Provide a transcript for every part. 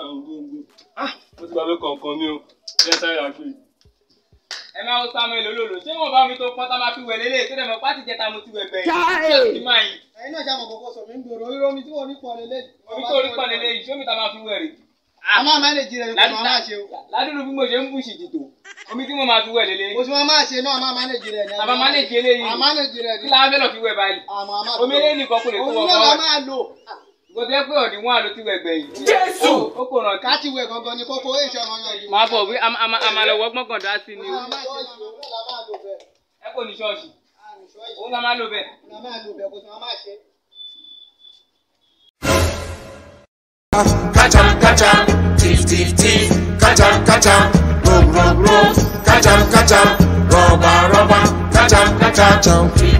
àwọn ah, gbòǹgbò mo ti gbàgbé kọ̀ọ̀kan ní o ẹ sáré àgbè. ẹ máa wo samuel olólo ṣé wọn bá mi tó pọ́n tá máa fi wẹ̀ lélẹ̀ tó dẹ̀ mọ́ pátì jẹta mo ti wẹ̀ bẹ̀ yìí. ẹyin náà ṣàmọ̀ kókó sọ̀rọ̀ ń gbòòrò irọ́ mi tí wọ́n rí pọ̀ lélẹ̀. omi tó rí pọ̀ lélẹ̀ yìí ṣé omi tá máa fi wẹ̀ rè. Ah! a máa máa lè jìnnà nǹkan máa máa ṣe o. ládùúgbò bí mo ṣe ń bù ṣì jìtò omi tí mo máa fi wẹ̀ lélẹ̀. oṣù wọn máa ṣe náà a máa máa lè jìnnà ni. a máa máa lè jìnnà ni. a máa lè jìnnà ni. kí la fẹ́ lọ fi wẹ̀ báyìí. omi eléyìí nìkan kò lè tó wọ Nǹkan tẹ́ pé ọ̀dì wọn àlọ́ ti wẹ̀ gbẹ̀yìn. Jésù! Ó kò ràn ká ti wẹ̀ gangan ni kókó èyí ṣe ọ̀ràn yìí. Màá bọ̀ wí àmàlọ́wọ́ gbọ́ngàn dá sí ni. Ẹ kò ní ṣọ́ọ̀ṣì. Òun la máa lò bẹ́ẹ̀. Òun la máa lò bẹ́ẹ̀ kò sì máa máa ṣe. Kacham kacham, tif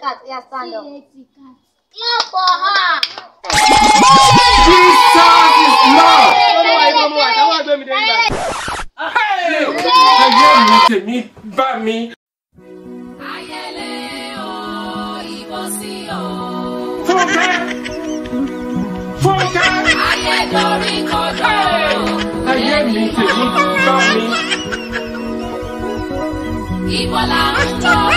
cat. Yeah, stand up. Clap for her. Jesus is Lord. No, no, I don't know. I don't want to do it. Ayé mi tèmi bá mi. Ayẹlẹ o, ìbọn sí o. Fúnkẹ́. Fúnkẹ́. Ayé lórí kọjá o. Ayé mi tèmi bá mi. Ìbọn là ń lọ.